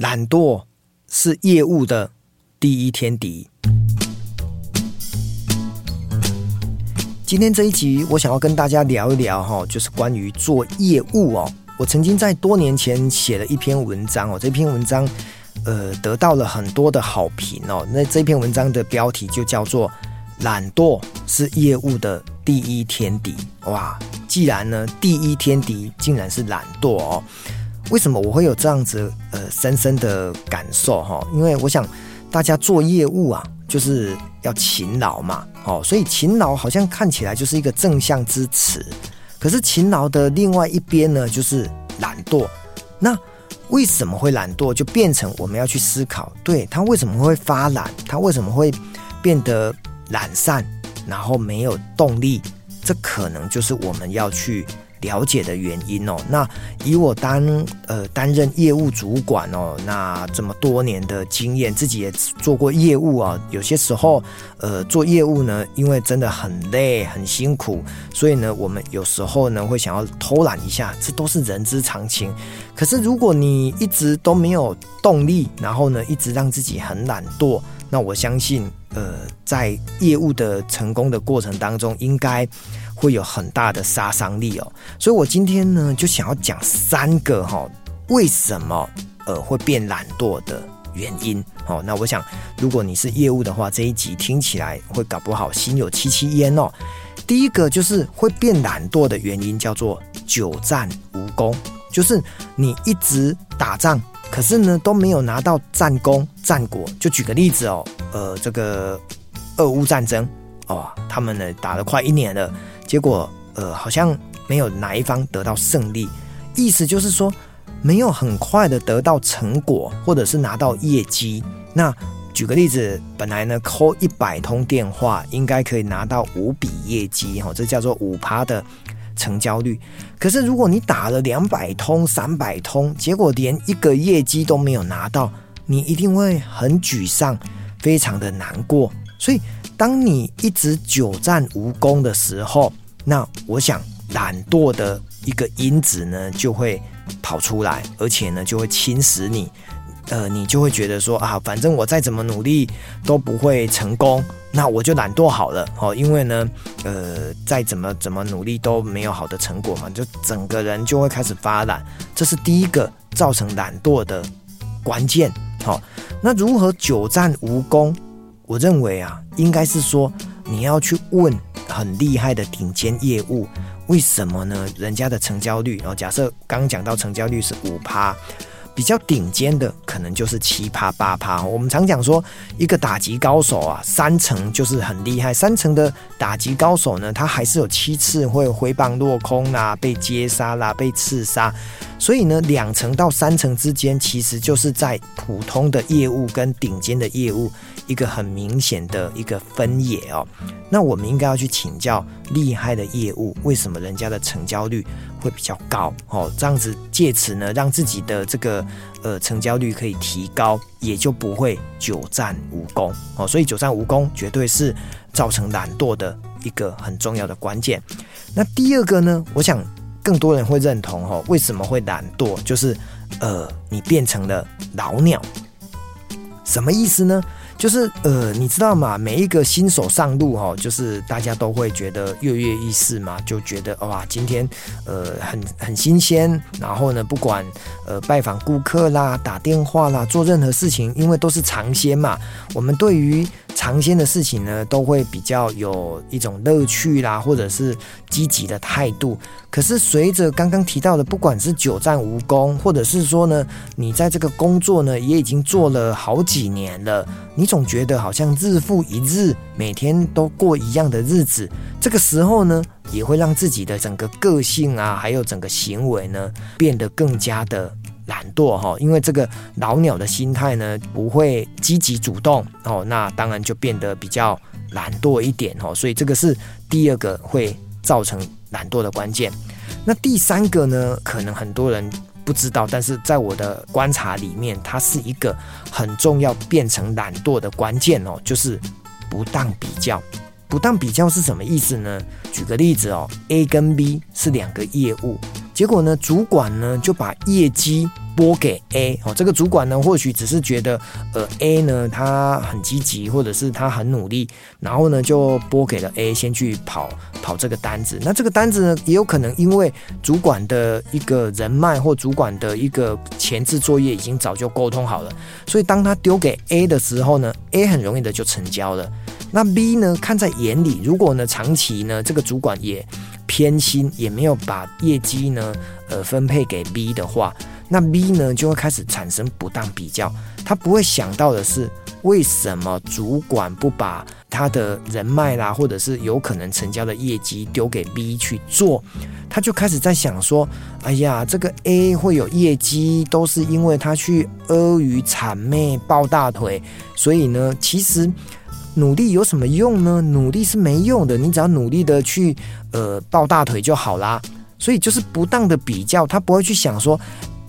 懶惰是業務的第一天敵。今天這一集，我想要跟大家聊一聊，就是關於做業務哦。我曾經在多年前寫了一篇文章，這篇文章，呃，得到了很多的好評哦。那這篇文章的標題就叫做“懶惰是業務的第一天敵”。哇，既然呢第一天敵竟然是懶惰哦。為什麼我會有這樣子，呃，深深的感受？哈，因為我想大家做業務啊，就是要勤勞嘛，哦，所以勤勞好像看起來就是一個正向支持。可是勤勞的另外一邊呢，就是懶惰。那為什麼會懶惰？就變成我們要去思考，對，他為什麼會發懶，他為什麼會變得懶散，然後沒有動力？這可能就是我們要去，了解的原因哦，那以我擔呃擔任業務主管哦，那這麼多年的經驗，自己也做過業務啊，有些時候呃做業務呢，因為真的很累很辛苦，所以呢，我們有時候呢會想要偷懶一下，這都是人之常情。可是如果你一直都沒有動力，然後呢一直讓自己很懶惰，那我相信呃在業務的成功的過程當中，應該。會有很大的殺傷力哦，所以我今天呢就想要講三個哈、哦，為什麼呃會變懶惰的原因哦。那我想，如果你是業務的話，這一集聽起來會搞不好心有戚戚焉哦。第一個就是會變懶惰的原因叫做久戰無功，就是你一直打仗，可是呢都沒有拿到戰功戰果。就舉個例子哦，呃這個俄烏戰爭哦，他們呢打了快一年了。結果，呃，好像沒有哪一方得到勝利，意思就是說，沒有很快的得到成果，或者是拿到業績。那舉個例子，本來呢，扣一百通電話應該可以拿到五筆業績，哈，這叫做五趴的成交率。可是如果你打了兩百通、三百通，結果連一個業績都沒有拿到，你一定會很沮喪，非常的難過。所以，當你一直久戰無功的時候，那我想，懶惰的一個因子呢，就會跑出來，而且呢，就會侵蝕你，呃，你就會覺得說啊，反正我再怎麼努力都不會成功，那我就懶惰好了，哦，因為呢，呃，再怎麼怎麼努力都沒有好的成果嘛，就整個人就會開始發懶，這是第一個造成懶惰的關鍵。好，哦，那如何久戰無功？我認為啊，應該是說你要去問。很厲害的頂尖業務，為什麼呢？人家的成交率，哦，假設剛講到成交率是五趴。比較頂尖的可能就是七趴八趴。我們常講說，一個打擊高手啊，三成就是很厲害。三成的打擊高手呢，他還是有七次會揮棒落空啦、啊，被接殺啦，被刺殺。所以呢，兩成到三成之間，其實就是在普通的業務跟頂尖的業務一個很明顯的一個分野哦。那我們應該要去請教。厲害的業務，為什麼人家的成交率會比較高？哦，這樣子借此呢，讓自己的這個呃成交率可以提高，也就不會久戰無功哦。所以久戰無功絕對是造成懶惰的一個很重要的關鍵。那第二個呢，我想更多人會認同哦，為什麼會懶惰？就是呃，你變成了老鳥，什麼意思呢？就是呃，你知道嘛，每一個新手上路哈、哦，就是大家都會覺得躍躍欲試嘛，就覺得哇，今天呃很很新鮮。然後呢，不管呃拜訪顧客啦、打電話啦、做任何事情，因為都是嘗鮮嘛，我們對於。嘗鮮的事情呢，都會比較有一種樂趣啦，或者是積極的態度。可是隨着剛剛提到的，不管是久戰無功，或者是說呢，你在這個工作呢也已經做了好幾年了，你總覺得好像日復一日，每天都過一樣的日子。這個時候呢，也會讓自己的整個個性啊，還有整個行為呢，變得更加的。懶惰哈，因為這個老鳥的心態呢，不會積極主動哦，那當然就變得比較懶惰一點哦。所以這個是第二個會造成懶惰的關鍵。那第三個呢，可能很多人不知道，但是在我的觀察裡面，它是一個很重要變成懶惰的關鍵哦，就是不當比較。不當比較是什麼意思呢？舉個例子哦，A 跟 B 是兩個業務。結果呢，主管呢就把業績撥給 A，哦，這個主管呢或許只是覺得，呃，A 呢他很積極，或者是他很努力，然後呢就撥給了 A 先去跑跑這個單子。那這個單子呢也有可能因為主管的一個人脈或主管的一個前置作業已經早就溝通好了，所以當他丟給 A 的時候呢，A 很容易的就成交了。那 B 呢看在眼裡，如果呢長期呢這個主管也。偏心也沒有把業績呢，呃，分配給 B 的話，那 B 呢就會開始產生不當比較。他不會想到的是，為什麼主管不把他的人脈啦，或者是有可能成交的業績丟給 B 去做？他就開始在想說，哎呀，這個 A 會有業績，都是因為他去阿諛諂媚、抱大腿，所以呢，其實。努力有什麼用呢？努力是沒用的，你只要努力的去，呃，抱大腿就好啦。所以就是不當的比較，他不會去想說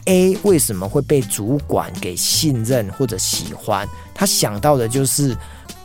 ，A 為什麼會被主管給信任或者喜歡，他想到的就是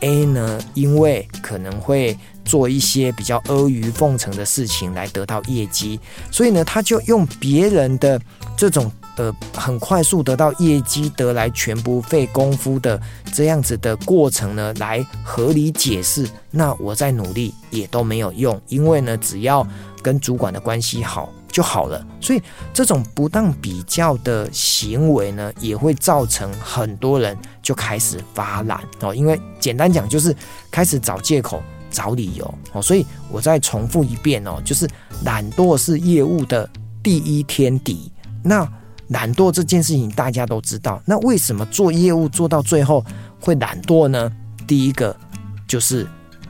A 呢，因為可能會做一些比較阿諛奉承的事情來得到業績，所以呢，他就用別人的這種。呃，很快速得到業績得來全不費功夫的這樣子的過程呢，來合理解釋。那我再努力也都沒有用，因為呢，只要跟主管的關係好就好了。所以這種不當比較的行為呢，也會造成很多人就開始發懶哦。因為簡單講就是開始找借口、找理由哦。所以我再重複一遍哦，就是懶惰是業務的第一天敵。那懶惰這件事情，大家都知道。那為什麼做業務做到最後會懶惰呢？第一個就是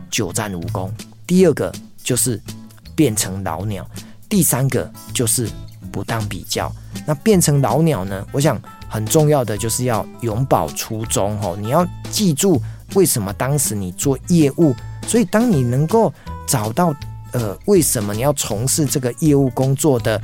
久戰無功，第二個就是變成老鳥，第三個就是不當比較。那變成老鳥呢？我想很重要的就是要永葆初衷。吼，你要記住，為什麼當時你做業務，所以當你能夠找到呃，為什麼你要從事這個業務工作的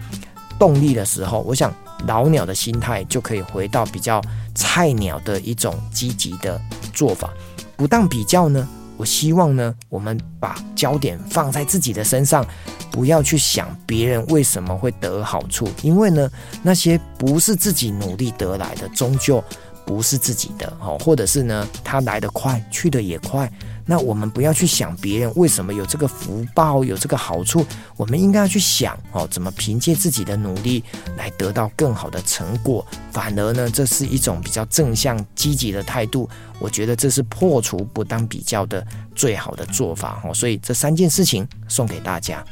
動力的時候，我想。老鳥的心態就可以回到比較菜鳥的一種積極的做法。不當比較呢，我希望呢，我們把焦點放在自己的身上，不要去想別人為什麼會得好處，因為呢，那些不是自己努力得來的，終究不是自己的哦，或者是呢，它來得快，去得也快。那我們不要去想別人為什麼有這個福報，有這個好處，我們應該要去想哦，怎麼憑借自己的努力來得到更好的成果。反而呢，這是一種比較正向、積極的態度。我覺得這是破除不當比較的最好的做法哦。所以這三件事情送給大家。